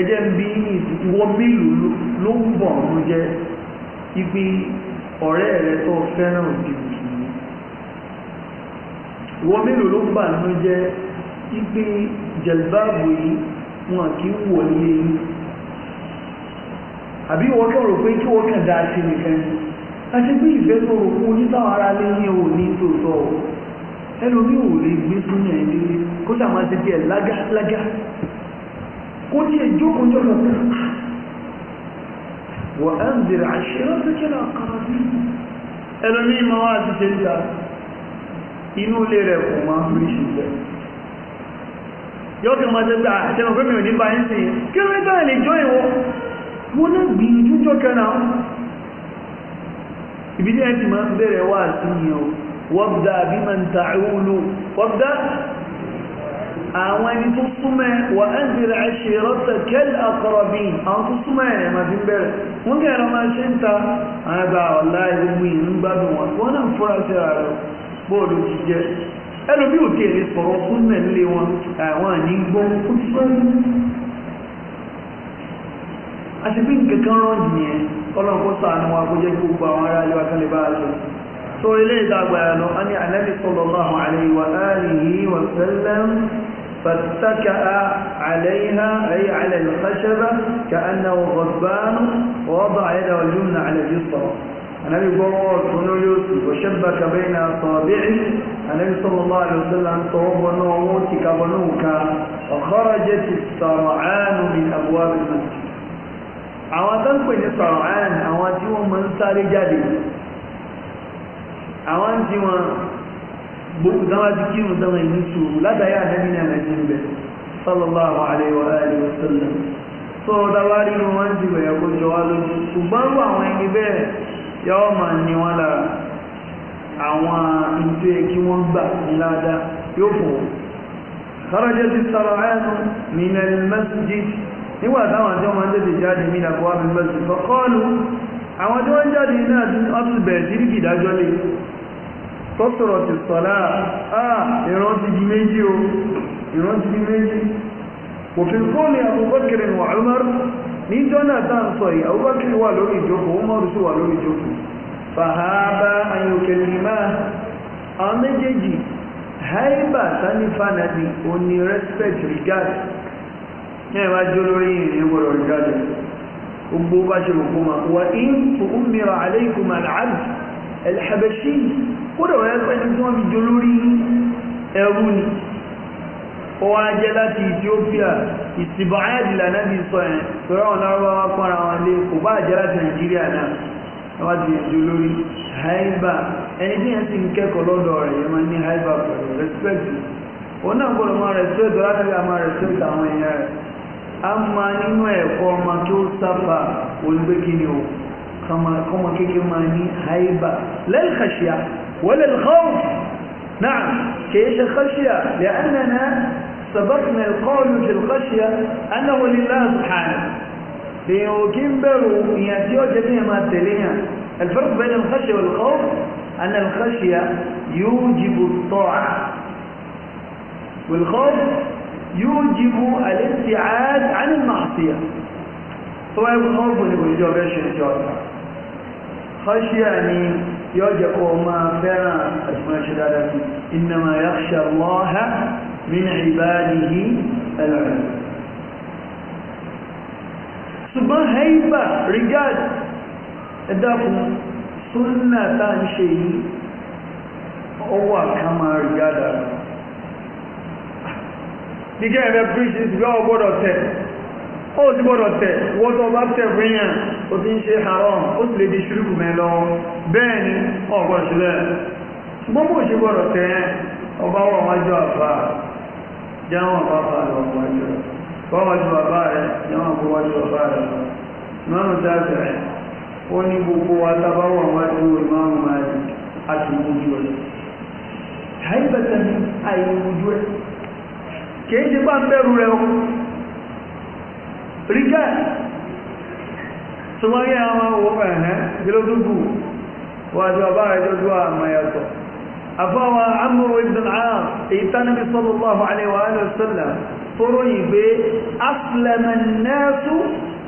ẹjẹ́ ń bí ìwọ mélòó ló ń bọ̀ ọ́n jẹ́ ibi ọ̀rẹ́ rẹ tó fẹ́ràn òdì mùsùlùmí ìwọ mélòó ló ń bà ọ́n jẹ́ ibi jẹ̀lbáàbù yìí wọn kì í wọ̀ ní eyín àbí wọ́n kẹ́ rò pé kí wọ́n kàn dáa sí nìkan àti pé ìfẹ́ tó rò fún onítàwọn ará lé ní ò ní tòótọ́ ẹlòmíì lè gbé sínú ẹ̀ nílé kó sàmásí bí ẹ̀ lágálágá kó يجوك è jókòó jókòó wọ́n á ń bèèrè àṣírọ́ tó kí náà kan bí ẹlòmí ma wá ti ṣe ń ta inú ilé rẹ̀ kò máa ń rí ṣùgbẹ́ yóò fi máa ṣe gbà àṣẹ́mọ̀ pé mi ò ní bá ń sìn kí ló ń bá lè jọ ìwọ náà gbìyànjú jọ kẹ́nà ìbílẹ̀ ti máa ń bẹ̀rẹ̀ wá sí yẹn wọ́n bí máa ń ta ìwúlò wọ́n dà àwọn ẹni tó súnmọ́ wà á ń zèrè àṣẹ rọ́tà kẹ́lì àkọ́rọ̀bí àwọn tó súnmọ́ ẹ̀rẹ̀ máa fi ń bẹ̀rẹ̀ wọ́n kẹ́rọ máa ṣe ń ta àgbà ọ̀la ìgbogbo ìlú ń gbádùn wọn wọ́n náà fúra sí ara rẹ̀ bóòlù ti jẹ́ ẹlòmí ò tèèrè sọ̀rọ̀ súnmọ́ nílé wọn àwọn àní gbọ́ ó ti gbọ́ àṣepín kankan rán kan lè فاتكأ عليها أي على الخشبة كأنه غضبان ووضع يده اليمنى على اليسرى النبي قال فنجس وشبك بين أصابعه النبي صلى الله عليه وسلم صوب ونوموتك كبنوك وخرجت السرعان من أبواب المسجد عوادان كن السرعان عوادان من ساري جديد عوادان gbogbo dáwọn ti kírun dáwọn ìlú sòrò látàrí àdábì ní àlàjì ń bẹ sallallahu alaihi wa alihi wa sallam tó o dáwà rí ni wọ́n ti wẹ̀yẹ̀ kó jọ wá lójú ṣùgbọ́n rú àwọn ẹni bẹ́ẹ̀ yọ́ máa ní wọn lára àwọn ìtò yẹ wọ́n gbà ní ládá yóò fò wọ́n ti sára ẹ́nu minal masjid nígbà táwọn tí wọ́n tètè jáde mí làbọ́ wá mi masjid fọ́kọ́ọ̀lù àwọn tí wọ́n jáde náà tún bẹ̀rẹ̀ sí ìdájọ́ lè kọ́sọ̀rọ̀ ti sọ̀lá àà ah, ìran ti di méjì o ìran ti di méjì òfin kọ́lì Abubakar wa Umar ní jọ́nà tán sọ yìí Abubakar wà lórí ìjókòó Umar sí wà lórí ìjókòó fàhábà ayòkè nìmá àwọn méjèèjì haibà sanifanadi òní respect regard ní ẹ̀wà jó lórí ìrìn ìwọ̀rọ̀ regard gbogbo bá ṣe rò ma wà ń tó ń mìíràn alaykum al-abd ẹ̀lẹ́hàbẹ̀ṣí kódà wọ́n yẹ́ pẹ́ni tí wọ́n fi jọ lórí ẹrú ni ó wá jẹ́ láti Ethiopia ìsìnbọ̀ ayàdìlà náà ti sọ ẹ̀ tọ́rọ wọn lárúbáwá pọ́nra wọn lé kò bá jẹ́ láti Nàìjíríà náà wọ́n ti jọ lórí haiba ẹni tí yẹn ti ń kẹ́kọ̀ọ́ lọ́dọ̀ rẹ̀ yẹn máa ní haiba كما كما كما هيبة لا الخشية ولا الخوف نعم كيف الخشية لأننا سبقنا القول في الخشية أنه لله سبحانه ليكبر يأتيه جميع ما تليها الفرق بين الخشية والخوف أن الخشية يوجب الطاعة والخوف يوجب الابتعاد عن المعصية سواء الخوف خوف من يجب الجواب khashiya ni yóò ما kó máa fẹ́ràn àtìmọ́ ṣe الله من عباده العلم Allaha min ibadihi al-ulama ṣùgbọ́n haiba rigad ẹ̀dàkùn súnnà tá ń ṣe yìí ọwọ́ àkámà rigada gígẹ́ rẹ̀ bíríṣì ìgbẹ́ ọgbọ́dọ̀ ó sì gbọ́dọ̀ tẹ̀ o tó bá tẹ̀ fún o ó ti ń ṣe haram ó sì lè di ṣúrùkù mẹ́ lọ bẹ́ẹ̀ ni ọ̀gbọ̀n sílẹ̀ ṣùgbọ́n ṣe gbọ́dọ̀ tẹ̀ ọba wà lọ rígẹ́ ṣùgbọ́n ní àwọn owó ẹ̀hẹ́ gílódúgbù wájú ọba rẹ̀ jọjú àmà yàtọ̀ afọ́wà amúrò ibn al èyí tánàbí sallallahu alaihi wa sallam tóró ìgbé aslama an-nasu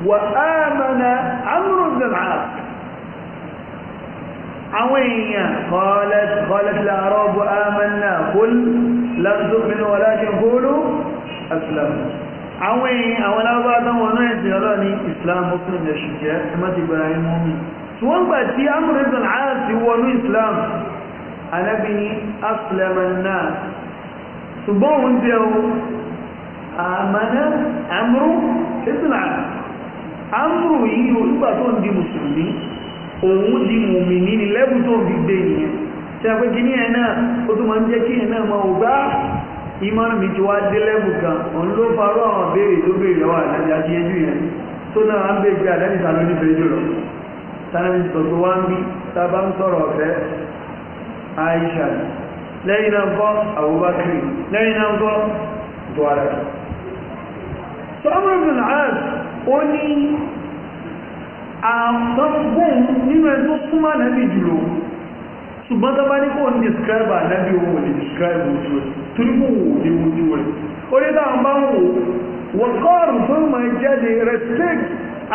wa amana amúrò ibn al àwọn èèyàn kọ́lẹ̀tì láàárọ̀ bu amanna kúl lam tu'minu walakin qulu aslamu àwọn èèyàn àwọn alábábá tán wọnú ẹ̀sìn ọlọ́run ní islam muslim ẹ̀ṣù jẹ́ ẹ má ti gbẹ̀rẹ̀ tí wọ́n gbà tí amúrẹ́sìn àti wọnú islam anábì ní asìlẹ̀mọ̀nà ṣùgbọ́n òun jẹ́ o àmàna di di ma ìmọ̀ràn mi ti wá dé lẹ́bù kan òun ló farọ́ àwọn béèrè tó béèrè lọ́wọ́ àdájọ́ àti ẹjú yẹn tó náà á ń bèèrè pé àdájọ́ ìta ló nífẹ̀ẹ́ jù lọ tánàbí sọ pé wá ń bí tá a bá ń sọ̀rọ̀ ọ̀fẹ́ Aisha lẹ́yìn náà kọ́ Abubakar lẹ́yìn náà kọ́ Buhari. sọ́mọ́rọ̀ bin Aas ó ní àwọn gbóhùn nínú ẹ̀ tó súnmọ́ nàbí jùlọ ṣùgbọ́n tó bá ní kò ní describe ànábì ohun lè describe ojú rẹ̀ torí kò wò ní ojú rẹ̀ orí táwọn bá ń wò wọ́n kọ́ọ̀rù tó mọ̀ jáde respect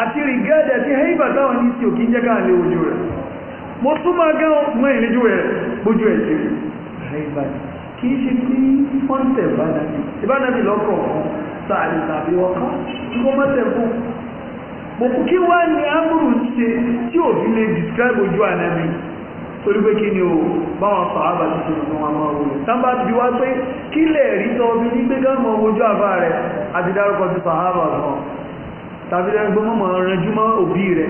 àti regard àti haiba táwọn ní tí òkín jẹ́ká lé ojú rẹ̀ mo tún máa gán mọ́ ìrìnjú rẹ̀ bójú ẹ̀ sí haiba kì í ṣe tí wọ́n tẹ̀ bánàbì ìbánàbì lọ́kọ̀ sáàlì tàbí ọkọ̀ tí wọ́n mọ́ tẹ̀ fún mo kí describe ojú ànábì torí pé kí ni o báwọn sàábà ti ṣe nǹkan wọn máa wòye tán bá ti bí wá pé kí lè rí sọ bí ní pé ká mọ ojú àbá rẹ àti dárúkọ ti sàábà kan tàbí ẹgbẹ́ mọ́mọ́ ranjú mọ́ òbí rẹ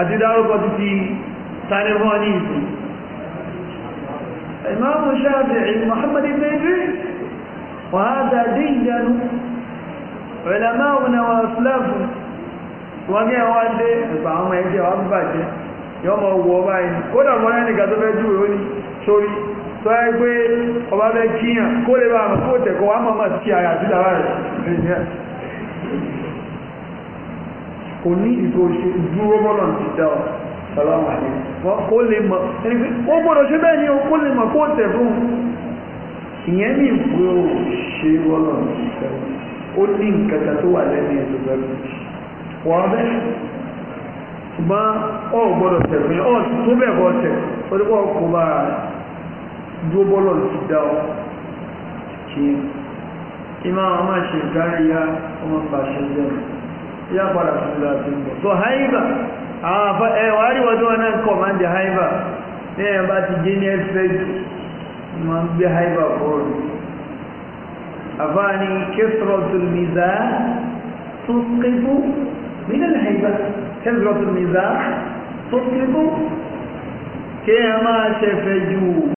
àti dárúkọ ti ti tani ní ìsìn yọ mọ̀ wọ báyìí kódà mọ́ ẹni gà tó fẹ́ jù ó ní sórí tó ẹ gbé ọba fẹ́ kíyàn kó lè bá àmọ́ kó tẹ̀kọ́ wá mọ̀mọ́ sí ara àti dára rẹ̀ kò ní ìtò ṣe dúró bọ́nà ti dá ọ sàlámà ní wọ́n kó lè mọ̀ ẹni pé ó gbọ́dọ̀ ṣe bẹ́ẹ̀ ni ó kó lè mọ̀ kó tẹ̀ fún ìyẹn ní ìpè ò ṣe bọ́nà ti dá ó ní nǹkan tó wà lẹ́nu ẹ̀ tó bẹ́ẹ̀ ṣùgbọ́n ọ gbọ́dọ̀ tẹ̀ fún yẹn ọ tó bẹ̀ bọ́ tẹ̀ ó ní kọ́ kó bá ara rẹ̀ dúró bọ́lọ̀ ti dá ọ kí n kí máa wọn máa ṣe ìdárí ya ọmọ pàṣẹ lẹ́nu ya padà fún mi láti ń bọ̀ tó haiba àwọn ẹwà àríwá tó wọn náà kọ̀ máa ń jẹ haiba ní ẹ̀ bá ti jẹ́ ní ẹ̀fẹ́ jù máa ń gbé haiba bọ́ọ̀lù àbáni kẹsìrọ̀tù mìzá tó kéwú من الهيبة كذرة المزاح تطلق كما تفجوا